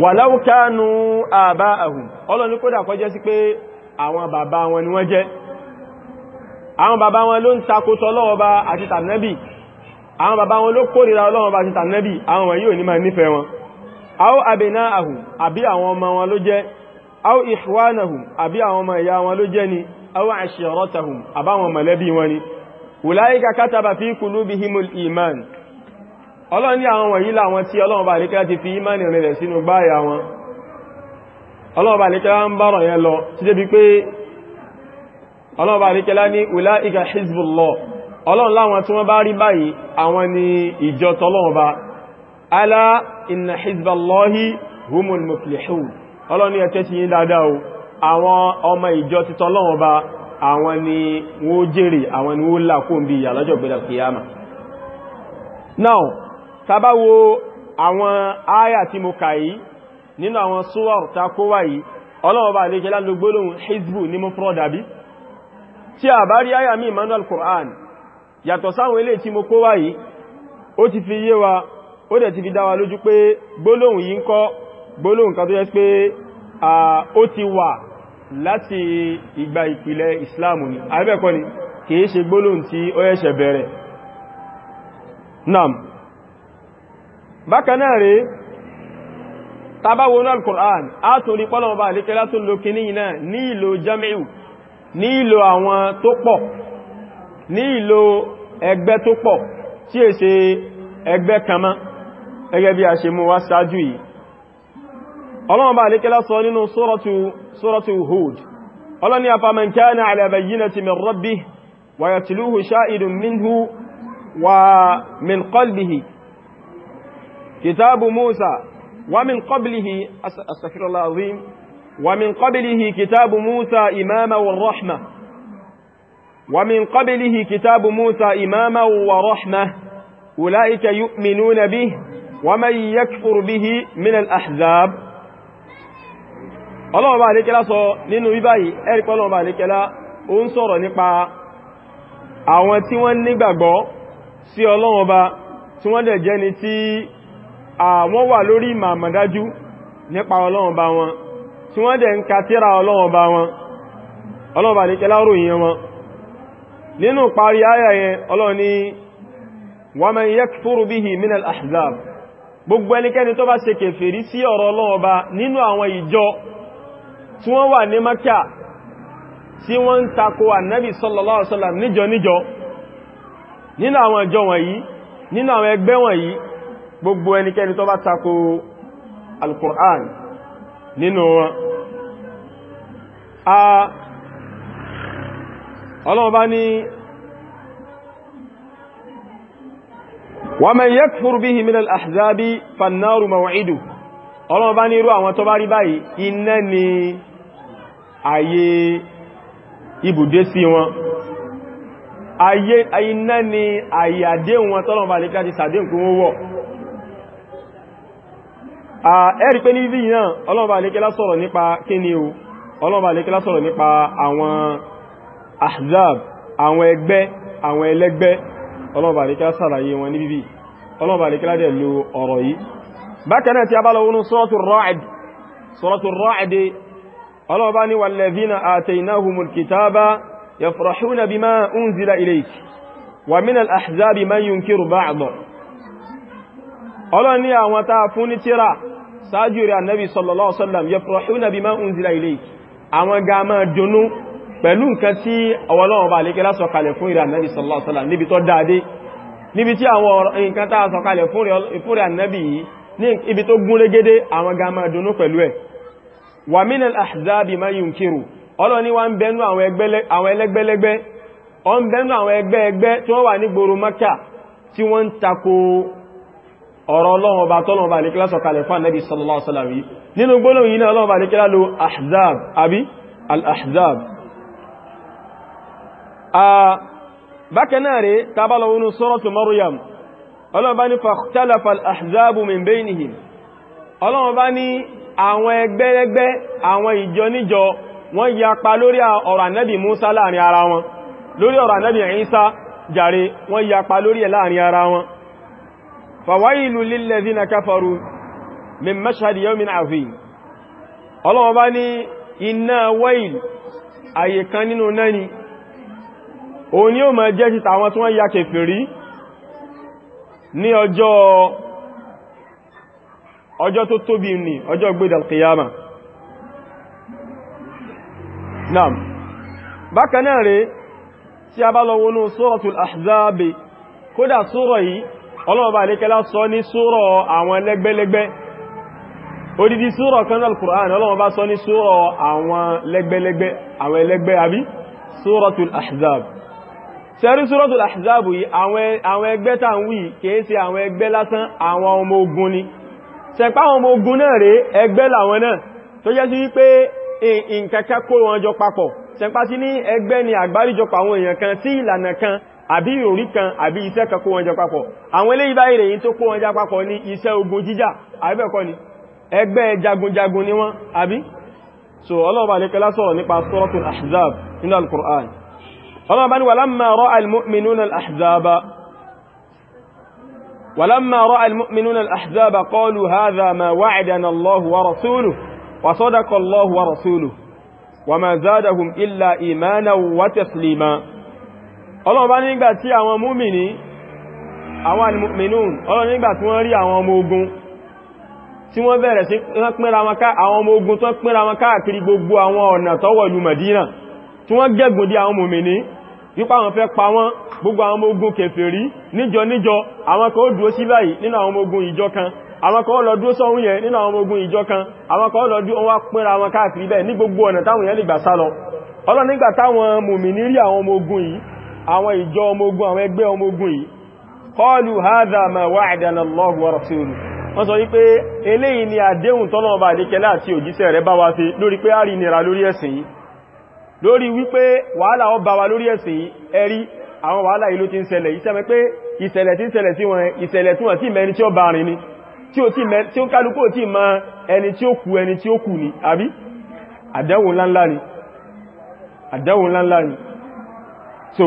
walau kanu aba'ahum ọlọ́ni kódà kó jẹ́ sí pé àwọn bàbá wọn ni wọ́n jẹ́ àwọn bàbá wọn ló ń takótọ ọlọ́ọba àti tànẹ́bì àwọn bàbá wọn ló kórìíra ọlọ́ọba àti tànẹ́bì àwọn wọ̀nyí ò ní máa nífẹ̀ẹ́ wọn aw abna'ahum àbí àwọn ọmọ wọn ló jẹ́ aw ikhwanahum àbí àwọn ọmọ ìyá wọn ló jẹ́ ni aw ashiratahum àbáwọn mọ̀lẹ́bí wọn ni ulaika kataba fi qulubihimul iman ọlọ́run ní àwọn wọ̀nyí láwọn tí ọlọ́run bá lékẹ́ ti fi ìmánì rẹ̀ sínú gbáyà wọn ọlọ́run bá lékẹ́ ń bọ̀rọ̀ yẹn lọ tí débi pé ọlọ́run bá lékẹ́ lá ní ulaika hizbullah ọlọ́run láwọn tí wọ́n bá rí báyìí àwọn ni ìjọ tọ́lọ́run bá alá inna hizballahi humul muflihun ọlọ́run ní ẹ̀tẹ́ sí yí dáadáa o àwọn ọmọ ìjọ ti tọ́lọ́run bá àwọn ni wọ́n jèrè àwọn ni wọ́n lákòó bí ìyà lọ́jọ́ gbẹ́dà kìyàmà now tàbá wo àwọn áyà tí mo kà yìí nínú àwọn súwọ́r ta kó wà yìí ọlọ́ọ̀bá àlejẹ́ lálò gbólóhùn hizbu ní mú fúrọ̀ dàbí tí a bá rí áyà mi manual Qur'an yàtọ̀ sáwọn ilé tí mo kó wà yìí ó ti fi yé wa ó dẹ̀ ti fi dá wa lójú pé gbólóhùn yìí ń kọ́ gbólóhùn kan tó yẹ pé ó ti wà láti ìgbà ìpìlẹ̀ Islam ni àbẹ́ẹ̀kọ́ ni kìí ṣe gbólóhùn tí ó yẹ́ṣẹ̀ bẹ̀rẹ̀ nam bákan náà rèé tàbáwọnú al-Qur'an a tún rí pọ́lọ̀ ọba àlékẹ́ látún lo kìíní iná ní ìlò jamiu ní ìlò àwọn tó pọ̀ ní ìlò ẹgbẹ́ tó pọ̀ tí è ṣe ẹgbẹ́ kama gẹ́gẹ́ bí a ṣe mú wá sáájú yìí ọlọ́run wa min qalbihi كتاب موسى ومن قبله أستغفر الله العظيم ومن قبله كتاب موسى إماما والرحمة ومن قبله كتاب موسى إماما ورحمة أولئك يؤمنون به ومن يكفر به من الأحزاب الله بارك لا سو nínú bibayi eri pe Ọlọ́run bárẹ̀ kẹ́lá ó ń sọ̀rọ̀ nípa àwọn tí wọ́n nígbàgbọ́ sí Ọlọ́run Ọba àwọn wà lórí ìmọ̀ àmọ̀dájú nípa ọlọ́run bá wọn tí wọ́n dẹ̀ ń ka tírà ọlọ́run bá wọn ọlọ́run bá ní kẹlá ròyìn wọn nínú parí ayà yẹn ọlọ́run ní wa man yakfuru bihi minal ahzab gbogbo ẹnikẹ́ni tó bá ṣe kèfèrí sí ọ̀rọ̀ ọlọ́run bá nínú gbogbo ẹnikẹ́ni tó bá tako alkùrán nínú wọn a ọlọ́ọ̀bá ní wa man yakfur bihi min al-ahzabi fannaru maw'idu ọlọ́ọ̀bá ní irú àwọn tó bá rí báyìí iná ni ayé ibùdé sí wọn ayé iná ni àyàdé wọn tọ́lọ̀bá lè káàkiri sàdé nǹkan wọ́wọ́ ẹ̀rí pé ní ibi náà ọlọ́ọ̀bà alékẹ́lá sọ̀rọ̀ nípa kíni o ọlọ́ọ̀bà alékẹ́lá sọ̀rọ̀ nípa àwọn ahzab àwọn ẹgbẹ́ àwọn ẹlẹ́gbẹ́ ọlọ́ọ̀bà alékẹ́lá sàlàyé wọn ní bíbí ọlọ́ọ̀bà alékẹ́lá dẹ̀ lo ọ̀rọ̀ yìí bákan náà tí ọlọ́run ní àwọn tàà fún ní tíra sáájú rẹ̀ annabi sallallahu alaihi wasallam yafrahuna bima unzila ilayk àwọn ga máa dùnnú pẹ̀lú nǹkan tí ọwọ́lọ́wọ́ bá lè kẹ́lá sọ̀kalẹ̀ fún ìrẹ̀ annabi sallallahu alaihi wasallam níbi tó dáadé níbi tí àwọn nǹkan tàà sọ̀kalẹ̀ fún ìrẹ̀ annabi yìí ní ibi tó gún régédé àwọn ga máa dùnnú pẹ̀lú ẹ̀ wa minal ahzabi man yunkiru ọ̀rọ̀ ọlọ́run ọba tọ́lọ́run ọba àlékílá sọ̀kalẹ̀ fún ànábì sallallahu alaihi wasallam nínú gbólóhùn yìí náà ọlọ́run ọba àlékílá lo ahzab àbí al-ahzab bákan náà rẹ̀ tábàlọ wọnú suratu maryam ọlọ́run ọba ní fakhtalafa al-ahzabu min baynihim ọlọ́run ọba ní àwọn ẹgbẹ́lẹ́gbẹ́ àwọn ìjọ níjọ wọ́n yapa lórí ọ̀rọ̀ ànábì musa láàrin fàwáìlú lillazina káfàrú min mashhadi yawmin azim ọlọ́wọ́ bá ní iná wáìl àyè kan nínú náà ni o ní o máa jẹ́ títà àwọn tí wọ́n ya kèfèrí ní ọjọ́ ọjọ́ tó tóbi ní ọjọ́ gbédal qiyama naam bákanáà rẹ̀ tí a bá lọ wọnú suratul ahzabi kódà sura yìí ọlọ́ọ̀bá alékẹ́lá sọ ní súrọ̀ àwọn lẹ́gbẹ́lẹ́gbẹ́ odidi súrọ̀ kanal Qur'an ọlọ́ọ̀bá sọ ní súrọ̀ àwọn lẹ́gbẹ́lẹ́gbẹ́ àwọn ẹlẹ́gbẹ́ àbí súrọ̀tul ahzab sẹ́rí súrọ̀tul ahzab yìí àwọn ẹgbẹ́ tà ń wí kìí ṣe àwọn ẹgbẹ́ lásán àwọn ọmọ ogun ni sẹ̀pá àwọn ọmọ ogun náà rèé ẹgbẹ́ làwọn náà tó jẹ́ sí wípé nǹkan kó wọn jọ papọ̀ àbí ìròrí kan àbí iṣẹ́ kan kó wọn jẹ papọ̀ àwọn eléyìí bá ìròyìn tó kó wọn jẹ papọ̀ ní iṣẹ́ ogun jíjà àbẹ́ẹ̀kọ́ ni ẹgbẹ́ jagunjagun ni wọ́n àbí so ọlọ́ọ̀bá ní kẹlá sọ̀rọ̀ nípa suratul ahzab nínú al-Qur'an ọlọ́ọ̀bá ní walamma ra'a al-mu'minuna al-ahzaba walamma ra'a al-mu'minuna al-ahzaba qalu hadha ma wa'adana Allahu wa rasuluhu wa ọlọ́run bá nígbà tí àwọn múmìnì àwọn alìmọ̀mìnún ọlọ́run nígbà tí wọ́n rí àwọn ọmọ ogun tí wọ́n bẹ̀rẹ̀ sí pínra wọn ká àwọn ọmọ ogun tó pínra wọn káàkiri gbogbo àwọn ọ̀nà tọ́wọ̀ ìlú Mẹ̀dínà tí wọ́n gẹ́gùn dí àwọn múmìnì wípa àwọn fẹ́ pa wọ́n gbogbo àwọn ọmọ ogun kèfèrí níjọ níjọ àwọn kan ó dúró sí báyìí nínú àwọn ogun ìjọ kan àwọn kan lọ dúró sọ́hún yẹn nínú àwọn ogun ìjọ kan àwọn kan lọ dúró wọ́n pínra wọn káàkiri bẹ́ẹ̀ ní gbogbo ọ̀nà táwọn yẹn lè gbà sá lọ ọlọ́run táwọn mùmìnì rí àwọn ogun yìí àwọn ìjọ ọmọ ogun àwọn ẹgbẹ́ ọmọ ogun yìí qalu hadha ma wa'adana Allahu wa rasuluhu wọ́n sọ wípé eléyìí ni àdéhùn tọ́lọ́ọ̀bá àdékẹ́lá àti òjíṣẹ́ rẹ̀ bá wa ṣe lórí pé a rí nira lórí ẹ̀sìn yìí lórí wípé wàhálà ọ bá wa lórí ẹ̀sìn yìí ẹ̀rí àwọn wàhálà ìlú ti ń ṣẹlẹ̀ ìṣẹ́mẹ́ pé ìṣẹ̀lẹ̀ tí ń ṣẹlẹ̀ sí wọn ìṣẹ̀lẹ̀ tí wọ́n tí mẹni tí ó bá rìn ni tí ó kálukú tí ma ẹni tí ó kú ẹni tí ó kú ni àbí àdéhùn ńláńlá ni àdéhùn ńláńlá ni so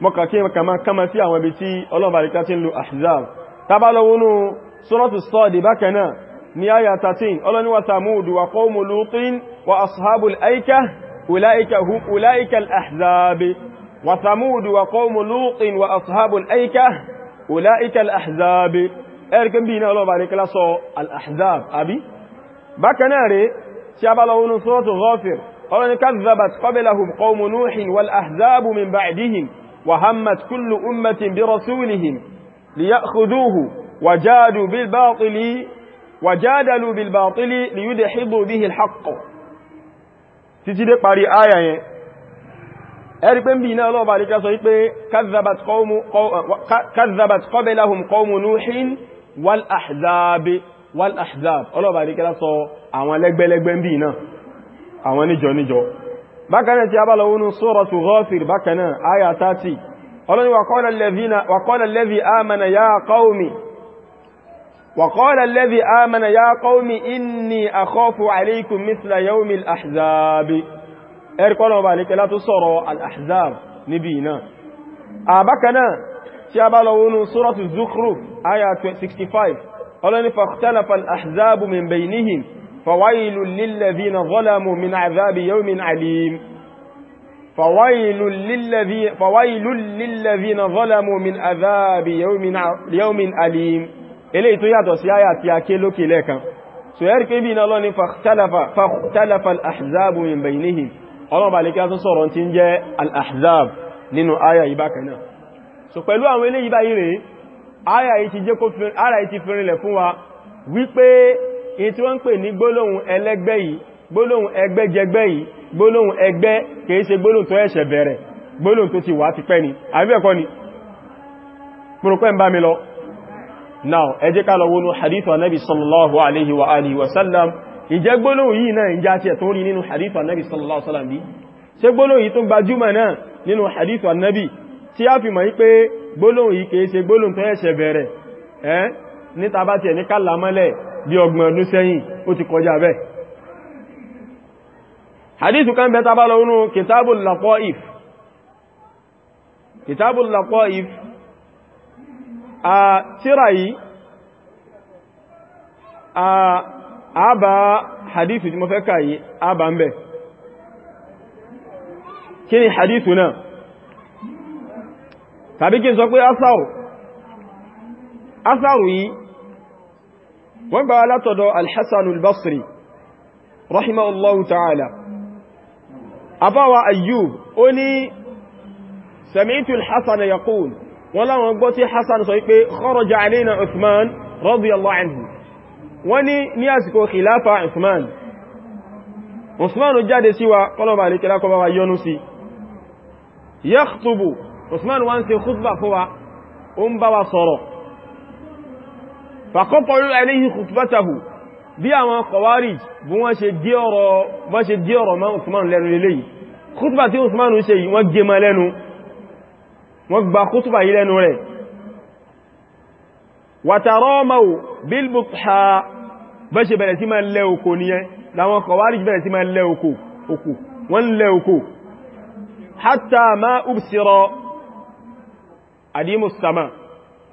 mọ́kànkí kama kama sí àwọn ibi tí ọlọ́bàríká ti ń lo àṣìzáàrù tabalowonu suratu sọ́ọ̀dì bákanáà ní àyà 13 ọlọ́ni wa samudu wa qawmu lutin wa ashabul aika ulaika hum ulaika wa samudu aika ulaika al bi na ọlọ́bàríká lásọ وهمت كل أمة برسولهم ليأخذوه وجادوا بالباطل وجادلوا بالباطل ليدحضوا به الحق títí dé parí àyà yẹn ẹ̀rí pé ń bí iná ọlọ́ọ̀bá ní ká sọ wípé kazzabat qablahum qawmu nuhin wal ahzab wal ahzab ọlọ́ọ̀bá ní ká sọ àwọn lẹ́gbẹ́lẹ́gbẹ́ ń bí iná àwọn níjọ níjọ bákanáà tí a bá lọ́wọ́nú suratu Ghafir bákanáà ayà 30 ọlọ́ni wa qala alladhi amana ya qaumi wa qala alladhi amana ya qaumi inni akhafu alaykum mithla yawmi al-ahzab ẹ̀rìkọ́nà ọba alẹ́kẹ́ látó sọ̀rọ̀ al-ahzab níbi a bákanáà tí a bá lọ́wọ́nú فويل للذين ظلموا من عذاب يوم عليم فويل للذين فويل للذين ظلموا من عذاب يوم يوم أليم eléyìí tó yàtọ̀ sí àyà tí a ké lókè lẹ́ẹ̀kan so ẹ̀rí pé bí iná lọ ní fàtàlàfà al'ahzab min bainihim ọlọ́mà lè kí a tún sọ̀rọ̀ tí ń in tí wọ́n ń pè ní gbólóhùn ẹlẹ́gbẹ́ yìí gbólóhùn ẹgbẹ́jẹgbẹ́ yìí gbólóhùn ẹgbẹ́ kìí ṣe gbólóhùn tó ẹ̀ṣẹ̀ bẹ̀rẹ̀ gbólóhùn tó ti wà ti pẹ́ ni àbíbẹ̀kọ́ ni púrùpẹ́ ń bá mi lọ now ẹ jẹ́ ká lọ wọnú hadith sallallahu alaihi wa alihi wa sallam ìjẹ́ gbólóhùn yìí náà ìjá sallallahu alaihi wa sallam bí ṣe gbólóhùn yìí tó gbajúmọ̀ náà nínú hadith anabi tí a fi mọ̀ wípé gbólóhùn yìí kìí ṣe gbólóhùn tó níta bá tiẹ̀ ní kálàmọ́lẹ̀ bí ọgbọ̀n ọdún sẹ́yìn ó ti kọjá bẹ́ẹ̀ hadithu kan bẹ́ta bá lọ́nà kitabul laqaif kitabul laqaif a tíra yìí a àbá hadithu tí mo fẹ́ kàyí àbá ń bẹ̀ kí ni hadithu náà tàbí kí n sọ pé asáwò asáwò yìí wọ́n gbà látọ̀dọ̀ alhassan al-basri rahimahullahu ta'ala abawa ayyub ó ní sami'tu alhassan yaqul wọ́n láwọn gbọ́ tí hassan sọ pé kharaja alayna uthman radiyallahu anhu wọ́n ní ní àsìkò khilafa uthman uthman jáde sí wa kọlọ̀bà ní kílákọ wa yọnu sí yakhtubu uthman wá ń khutba fún wa ó ń bá wa sọ̀rọ̀ fàkọ́pọ̀lú ẹlẹ́yìn kùtùbátàhù bí àwọn kọwàrí bí wọ́n ṣe gé ọ̀rọ̀ mọ́ Usman lẹ́nu lélẹ́yìí kútùbà tí Usman ṣe yìí wọ́n gé mọ́ lẹ́nu wọ́n gba kútùbà yìí lẹ́nu rẹ̀ wàtàrọ́mọ̀ bilbukha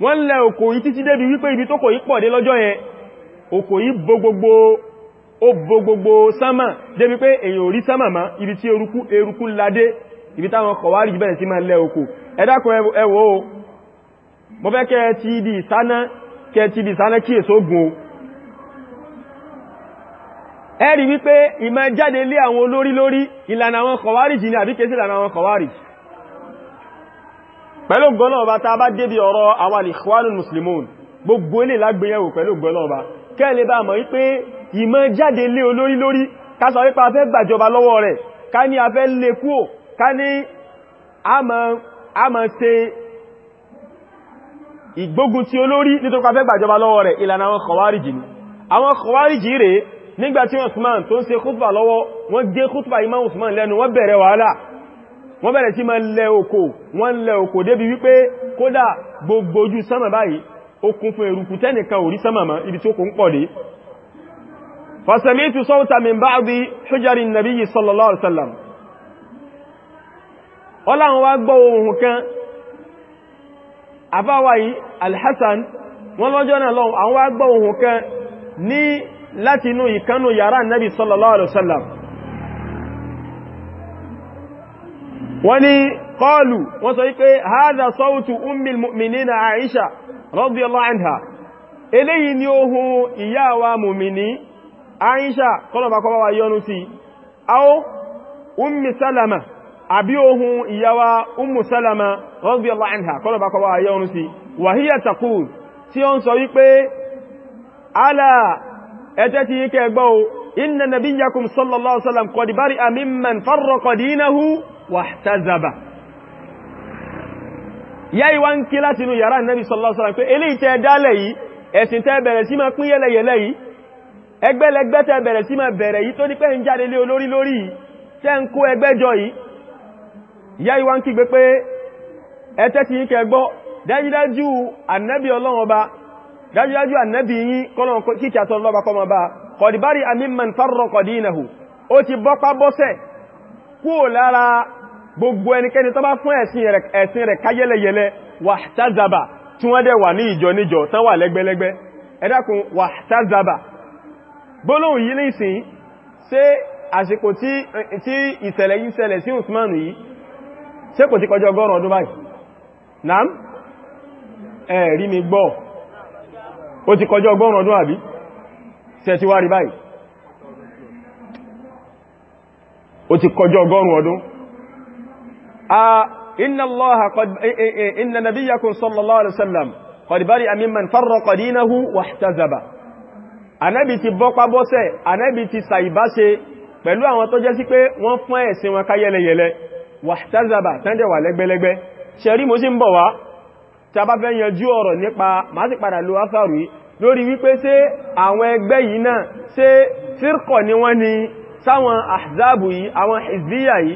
wọ́n lẹ òkò yìí títí débi wípé ibi tó kò yìí pọ̀dé lọ́jọ́ yẹn òkò yìí bo gbogbo ó bo gbogbo sánmà débi pé èyàn ò rí sánmà má ibi tí eruku eruku ládé ibi táwọn kọ̀wárí bẹ̀rẹ̀ sí máa lẹ òkò ẹ dákun ẹ wò ó mo fẹ́ kẹ́ ti di ìsáná kẹ́ ti pẹ̀lú gọ́lọ́ọ̀bá ta bá débi ọ̀rọ̀ àwọn Ikhwanul Muslimun gbogbo ilé lágbéyẹ̀wò pẹ̀lú gọ́lọ́ọ̀bá kẹ́lẹ̀ bá mọ̀ wípé ìmọ̀ jáde lé olórí lórí ká sọ wípé a fẹ́ gbàjọba lọ́wọ́ rẹ̀ ká ní a fẹ́ lè kúò ká ní a mọ̀ ṣe ìgbógun ti olórí nítorí ká fẹ́ gbàjọba lọ́wọ́ rẹ̀ ìlànà àwọn Khawarij ni àwọn wọ́n bẹ̀rẹ̀ sí máa lẹ oko wọ́n lẹ oko débi wípé kódà gbogbo ojú sánmà báyìí ó kún fún eruku tẹ́nìkan orí sánmà mọ́ ibi tí ó kún pọ̀ dé fasamitu sawta min ba'di hujari nabiyyi sallallahu alaihi wasallam ọlá wọn wá gbọ́ ohun kan àbáwáyí alhassan wọn lọ́jọ́ náà wọ́n ní qalu wọ́n sọ wípé hadha sawtu ummil mu'minina Aisha radiyallahu anha eléyìí ni ohun ìyá wa mùmìnì Aisha kọlọ̀bà kọba wa yọnu sí aó ummi Salama àbí ohun ìyá wa ummu Salama radiyallahu anha kọlọ̀bà kọba wa yọnu sí wa hiya tí ó ń sọ wípé ala ẹjẹ́ ti yíkẹ́ gbọ́ inna nabiyyakum sallallahu alaihi wasallam qad bari'a mimman farraqa dinahu wàhtazaba yá ìwá ń ké láti inú yàrá nẹ́bí sọlọ́sọ́lá pé eléyìí tẹ́ dálẹ̀ yìí ẹ̀sìn tẹ́ bẹ̀rẹ̀ sí máa pín yẹlẹyẹlẹ yìí ẹgbẹ́lẹgbẹ́ tẹ́ bẹ̀rẹ̀ sí máa bẹ̀rẹ̀ yìí tó ní pé ń jáde lé olórí lórí yìí tẹ́ ń kó ẹgbẹ́ jọ yìí yá ìwá ń kígbe pé ẹtẹ́ ti yín kẹ gbọ́ dájúdájú ànẹ́bí ọlọ́run ọba dájúdájú ànẹ́bí yín kọ́lọ́run kíkẹ́ àtọ́lọ́ gbogbo ẹnikẹ́ni tó bá fún ẹ̀sìn rẹ̀ káyẹ́lẹ̀yẹlẹ wàhtazaba tí wọ́n dẹ̀ wà ní ìjọ níjọ tán wà lẹ́gbẹ́lẹ́gbẹ́ ẹ dákun wàhtazaba gbólóhùn yìí nísìn ṣé àsìkò tí ìṣẹ̀lẹ̀ yìí ṣẹlẹ̀ sí Usman yìí ṣé kò ti kọjá ọgọ́rùn ọdún báyìí naam ẹ̀rí mi gbọ́ ó ti kọjá ọgọ́rùn ọdún إن الله قد إن نبيكم صلى الله عليه وسلم قد برئ ممن فرق دينه واحتزب Ànábì ti bọ́pá bọ́sẹ̀ Ànábì ti ṣàìbáṣe pẹ̀lú àwọn tó jẹ́ sí pé wọ́n fún ẹ̀sìn wọn káyẹlẹyẹlẹ wàhtazaba tẹ́jẹ̀ wà lẹ́gbẹ́lẹ́gbẹ́ ṣẹ̀rí mo sí ń bọ̀ wá tí a bá fẹ́ yanjú ọ̀rọ̀ nípa máa sì padà lo afárù lórí wípé ṣé àwọn ẹgbẹ́ yìí náà ṣé fírkọ̀ ni wọ́n ni sáwọn ahzabu yìí àwọn hizbiya yìí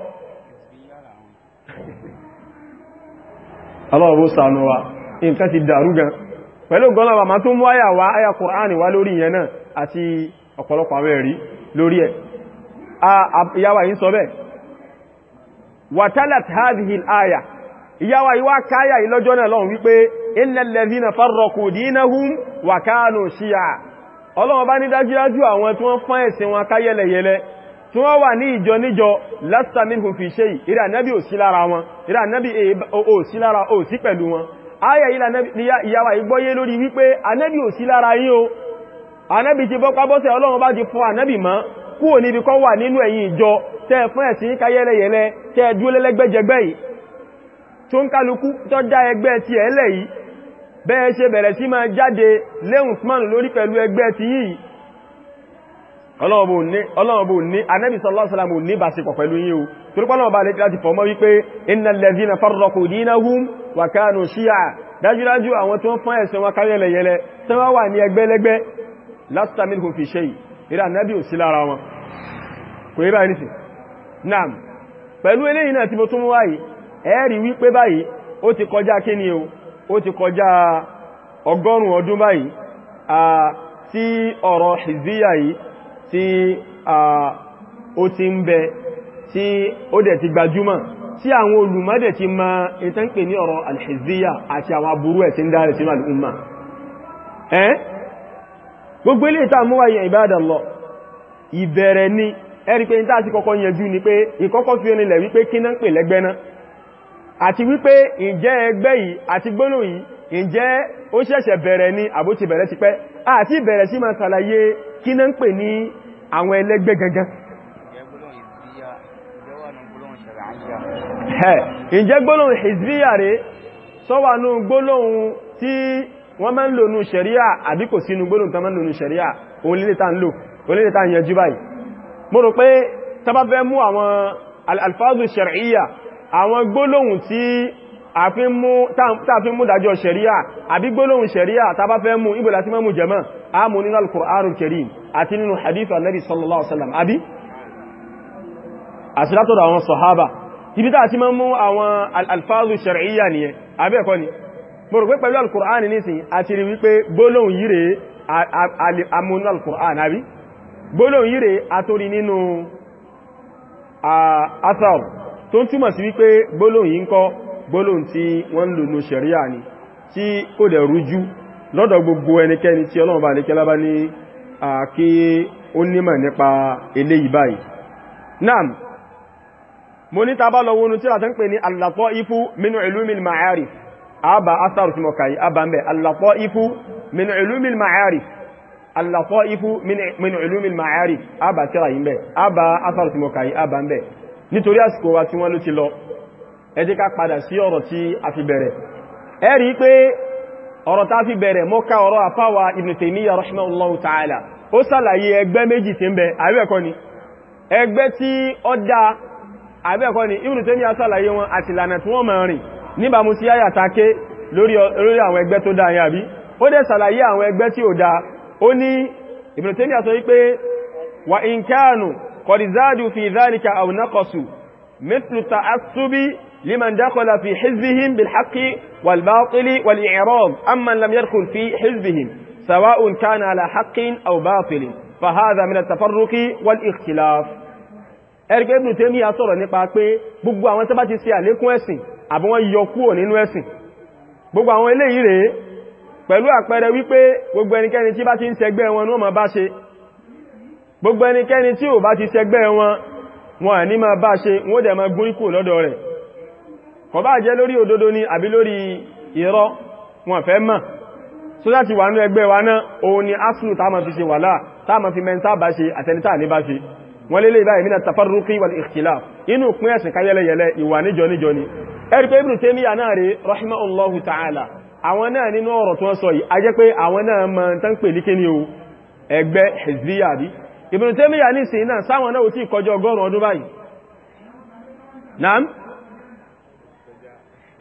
ọlọ́run sànú wa nǹkan ti dàrú gan pẹ̀lú gọ́nàbà ma tó mú àyà wá àyà kùránì wá lórí ìyẹn náà àti ọ̀pọ̀lọpọ̀ àwọn ẹ̀rí lórí ẹ̀ ìyáwà yìí sọ bẹ́ẹ̀ wàtálàt hadhihi àyà ìyáwà yìí shi'a ọlọ́run bá ní dájúdájú àwọn tí wọ́n fán ẹ̀sìn tí wọ́n wà ní ìjọ níjọ lasta minhum fi shay ìrà nábì ò sí lára wọn ìrà nábì ò sí lára ò sí pẹ̀lú wọn ayẹ̀ ìyàwó ìgbọ́yé lórí wípé anábì ò sí lára yín o anábì ti bọ́pá bọ́sẹ̀ ọlọ́run bá ti fún anábì mọ́ kúrò níbi kọ́ wà nínú ẹ̀yìn ìjọ tẹ́ fún ẹ̀sìn káyẹ́lẹ́yẹlẹ́ tẹ́ dúó lẹ́lẹ́gbẹ́jẹgbẹ́ yìí tó ń kálukú tó já ẹgbẹ́ ti ẹ̀lẹ́ yìí bẹ́ẹ̀ ṣe bẹ̀rẹ̀ sí máa jáde lé Usman lórí pẹ̀lú ọlọ́ọ̀bù ní anẹ́bì sọlọ́sọ́lámù ní bàṣepọ̀ pẹ̀lú yín o torípọ́lọ́ọ̀bà lè láti fọ́mọ́ wípé innal ladhina farraqu dinahum wa kanu shi'a dájúdájú àwọn tó ń fún ẹ̀sìn wọn káyẹlẹ̀yẹlẹ tí wọ́n wà ní ẹgbẹ́lẹ́gbẹ́ lasta minhum fi shay ìrà anẹ́bì ò sí lára wọn kò yíra ẹni sí naam pẹ̀lú eléyìí náà tí mo tún wáyìí ẹ̀ẹ́rì wípé báyìí ó ti kọjá kíni o ó ti kọjá ọgọ́rùn-ún ọdún báyìí ọ̀rọ̀ hizbiya yìí tí ó ti ń bẹ tí ó dẹ̀ ti gbajúmọ̀ tí àwọn olùmọ́dẹ̀ ti ma ìtànkè ní ọ̀rọ̀ alhizziya àti àwọn aburú ẹ̀ tí ń dáre sínú al'umma ẹ́n gbogbo ilé ìta mú wáyé ibadallah ìbẹ̀rẹ̀ ni ẹ̀rí pé ìta àti kọ́kọ́ yẹjú ni pé ìkọ́kọ́ fi ẹnilẹ̀ wípé kí náà pè lẹ́gbẹ́ náà àti wípé ìjẹ́ ẹgbẹ́ yìí àti gbónà yìí ìjẹ́ ó ṣẹ̀ṣẹ̀ bẹ̀rẹ̀ ni àbó bẹ̀rẹ̀ ti pẹ́ àti ìbẹ̀rẹ̀ sí máa ṣàlàyé kí náà ń pè ní àwọn ẹlẹ́gbẹ́ gangan ǹjẹ́ gbólóhùn hizbiya rẹ̀ sọ́wọ́nú gbólóhùn tí wọ́n máa ń lò nú ṣẹ̀ríà àbí kò sínú gbólóhùn tán máa ń lò nú ṣẹ̀ríà olílẹ̀ tán yẹjú báyìí mo rò pé tàbábẹ́ mú àwọn alfáàzù ṣẹ̀ríà àwọn gbólóhùn tí a fi mú dájọ́ ṣẹ̀ríà mọ́ mú jẹ́mọ́ a mú nínú al-Qur'anul Karim àti nínú hadith annabi sallallahu alaihi wasallam abi àti látọ̀dọ̀ àwọn sọ̀hábà ibi tá ti máa mú àwọn alfáàzù ṣar'íyà ni ẹ abẹ́ ẹ̀kọ́ ni mo rò pé pẹ̀lú al-Qur'an àti rí wípé gbólóhùn yìí rẹ̀ nínú athar tó ń túmọ̀ sí wípé gbólóhùn yìí gbólóhùn tí wọ́n lò ní ṣẹ̀ríyà ni tí kò dẹ̀ rújú lọ́dọ̀ gbogbo ẹnikẹ́ni tí ọlọ́run bá lè kẹ́lá bá ní àkí ó nímọ̀ nípa eléyìí báyìí naam mo ní tàbá lọ wọnú tí a tán pè ní al-Lataifu min ulumil ma'arif àbá asáàrù tí mọ̀ kàí àbá mẹ́ al-Lataifu min ulumil ma'arif al-Lataifu min ulumil ma'arif àbá tíra yìí mẹ́ a fi bẹ̀rẹ̀ ẹ ọ̀rọ̀ tá fi bẹ̀rẹ̀ mọ́ ká ọ̀rọ̀ àfáwà Ibn Taymiyyah rahimahullahu ta'ala ó sàlàyé ẹgbẹ́ méjì tí ń bẹ àbẹ́ẹ̀kọ́ ni ẹgbẹ́ tí ó dá àbẹ́ẹ̀kọ́ ni Ibn Taymiyyah sàlàyé wọn àti ìlànà tí wọ́n máa rìn níbàmú sí àyàtàké lórí àwọn ẹgbẹ́ tó dá yẹn àbí ó dẹ̀ sàlàyé àwọn ẹgbẹ́ tí ó dá ó ní Ibn Taymiyyah sọ wípé والباطل والإعراض أما لم يدخل في حزبهم سواء كان على حق أو باطل فهذا من التفرق والاختلاف ẹ̀rẹ́gbẹ́ Ibn Taymiyyah sọ̀rọ̀ nípa pé gbogbo àwọn tó ti ṣe àlékún ẹ̀sìn àbí wọ́n yọ kúrò nínú ẹ̀sìn gbogbo àwọn eléyìí rèé pẹ̀lú àpẹẹrẹ wípé gbogbo ẹnikẹ́ni tí bá ti ń ṣẹgbẹ́ wọn ní wọ́n bá ṣe kò bá jẹ́ lórí òdodo ni àbí lórí irọ́ wọn fẹ́ mọ̀ so láti wà ní ẹgbẹ́ wa náà òun ni aslu tá ma fi ṣe wàlá tá ma fi mẹ́ta bá ṣe àtẹnitá ní bá ṣe wọ́n lélẹ̀ ìbáyìí mínà tafarruqi wal ikhtilaf inú pín ẹ̀sìn káyẹlẹyẹlẹ ìwà níjọ níjọ ni ẹ̀rí pé Ibn Taymiyyah náà rí rahimahullahu ta'ala àwọn náà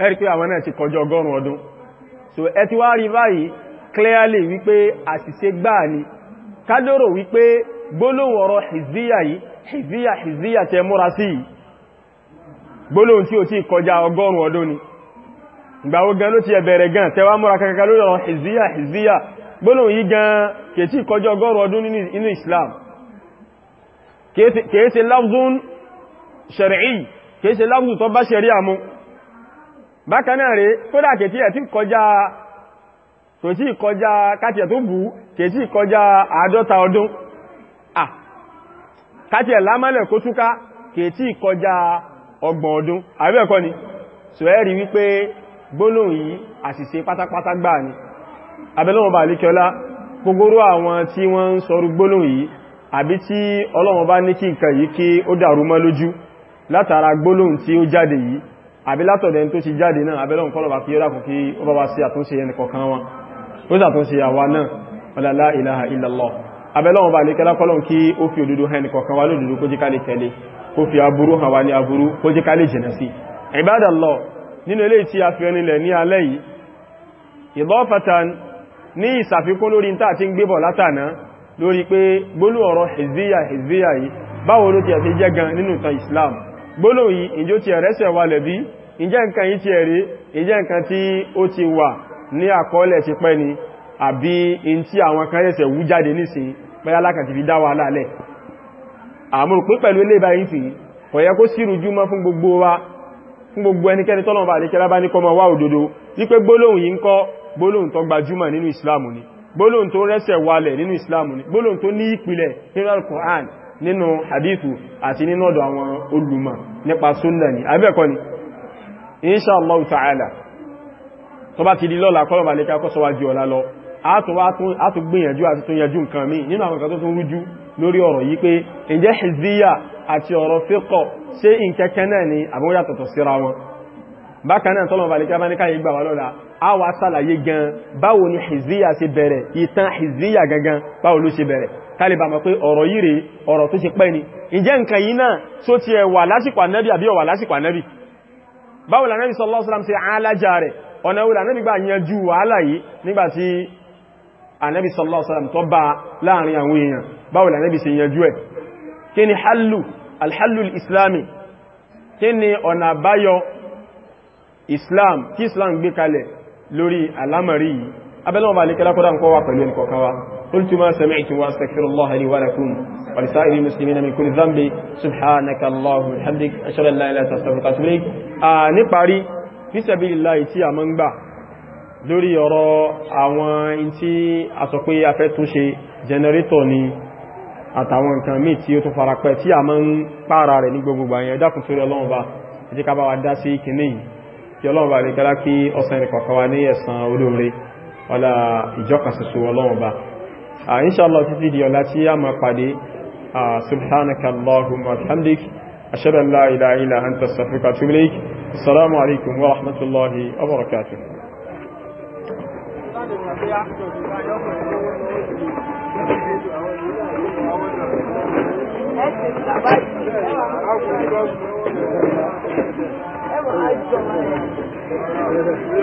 ẹ̀rí pé àwọn náà ti kọjọ ọgọ́rùn ọdún so ẹ ti wá rí báyìí clearly wípé àṣìṣe gbáà ni kádòrò wípé gbólóhùn ọ̀rọ̀ hizbiya yìí hizbiya hizbiya tẹ múra sí yìí gbólóhùn tí ó ti kọjá ọgọ́rùn ọdún ni ìgbàwó gan ló ti ẹ̀bẹ̀rẹ̀ gan tẹwà múra kankan lórí Islam kìí ṣe lafzun bákanáà rẹ̀ kódà kẹtí ẹ̀ tí kọjá tó tí kọjá káti ẹ̀ tó bú kẹtí kọjá àádọ́ta ọdún à káti ẹ̀ lámálẹ̀ kó túká kẹtí kọjá ọgbọ̀n ọdún àbẹ́ẹ̀kọ́ ni so ẹ́ rí wípé gbólóhùn yìí àṣìṣe pátápátá gbà ní abẹ́lọ́wọ̀n bá líkẹ́ọlá gbogboro àwọn tí wọ́n ń sọrú gbólóhùn yìí àbí tí Ọlọ́run bá ní kí nǹkan yìí kí ó dàrú mọ́ lójú látara gbólóhùn tí ó jáde yìí àbí látọ̀dẹ̀ tó ti jáde náà abẹ́lọ́n kọ́lọ̀bà kí yọ́dá kùn kí ó bá wá sí àtúnṣe ẹni kọ̀kan wọn ó sàtúnṣe àwa náà wala la ilaha illallah abẹ́lọ́n bá lè kẹ́lá kọ́lọ̀n kí ó fi òdodo hàn kọ̀kan wá lódodo kó jí ká lè tẹ̀lé kó fi aburú hàn wá ní aburú kó jí ká lè jìnà sí ibadallah nínú eléyìí tí a fi ẹni lẹ̀ ní alẹ́ yìí ìdọ́fàtàn ní ìsàfikún lórí tá àti ń gbébọ̀ látànà lórí pé gbólú ọ̀rọ̀ hizziya hizziya yìí báwo ló ti ẹ̀ ti jẹ́ gan nínú ìtàn Islam gbólóhùn yìí ìjó ti ẹ̀rẹ́sẹ̀ wà lẹ̀bí ìjẹ́ nǹkan yìí ti ẹ̀rẹ́ ìjẹ́ nǹkan tí ó ti wà ní àkọọ́lẹ̀ ti pẹ́ ni àbí in tí àwọn kan rẹ̀sẹ̀ wú jáde nísìn pẹ́lá lákà ti fi dá wa lálẹ̀ àmúrù pín pẹ̀lú ilé báyìí fi kò yẹ kó sí ìrújúmọ́ wa fún gbogbo ẹnikẹ́ni tọ́lọ̀ bá àdíkẹ́lá bá ní kọ́ mọ̀ wá òdodo wípé gbólóhùn yìí ń ni gbólóhùn tó rẹ́sẹ̀ walẹ̀ nínú ìsìláàmù ni gbólóhùn tó ní ìpìlẹ̀ nínú al nínú hadithu àti nínú ọ̀dọ̀ àwọn olùmọ̀ nípa súnnà ni abẹ́ẹ̀kọ́ ni insha Allah ta'ala tó bá ti di lọ́la kọ́lọ̀ màlẹ́ká kọ́ sọ́wájú ọ̀la lọ a tó gbìyànjú àti tó yanjú nǹkan mi nínú àwọn kan tó tún rújú lórí ọ̀rọ̀ yìí pé ǹjẹ́ hizbiya àti ọ̀rọ̀ fíkọ̀ ṣe ìkẹ́kẹ́ náà ni àbúyà tọ̀tọ̀ síra wọn bákan náà tọ́lọ̀ màlẹ́ká bá ní káyé gbà wá lọ́la a wá sàlàyé gan báwo ni hizbiya ṣe bẹ̀rẹ̀ ìtàn hizbiya gangan báwo ló ṣe bẹ̀rẹ̀ tálíbà mọ̀ pé ọ̀rọ̀ yìí rèé ọ̀rọ̀ tó ṣe pẹ́ ni ìjẹ́ nǹkan yìí náà tó ti ẹ̀ wà lásìkò ànẹ́bì àbí ọ̀wà lásìkò ànẹ́bì báwo lànẹ́bì sallallahu alaihi wasallam ṣe alájà rẹ̀ ọ̀nà wo lànẹ́bì gbà yanjú wàhálà yìí sallallahu alaihi wasallam tó bá láàrin àwọn èèyàn báwo lànẹ́bì ṣe yanjú ẹ̀ kí ni islam kí islam gbé kalẹ̀ lórí alámọ̀rí yìí abẹ́lọ́wọ́ bá lè kẹ́lákọ́dá ń قلت ما سمعت وأستغفر الله لي ولكم ولسائر المسلمين من كل ذنب سبحانك اللهم وبحمدك أشهد أن لا إله إلا أنت أستغفرك وأتوب إليك níparí fi sabilillahi tí a máa ń gbà lórí ọ̀rọ̀ àwọn tí a sọ pé a fẹ́ tún ṣe jẹnẹrétọ̀ ni àtàwọn nǹkan míì tí ó tún farapẹ́ tí a máa ń pààrà rẹ̀ ní gbogbo àyẹn dákùn torí ọlọ́run bá ẹjẹ́ ká bá wa dá sí kìíní yìí kí ọlọ́run bá rí kẹ́lá kí ọ̀sán ẹ̀rẹ̀ kọ̀ọ̀kan wa ní ẹ̀san olóore ọlá ìjọ́kàṣẹ̀ṣẹ̀ ọlọ́run ان شاء الله في فيديو لاتي اما قدي سبحانك اللهم وبحمدك اشهد ان لا اله الا انت استغفرك واتوب اليك السلام عليكم ورحمه الله وبركاته Thank you.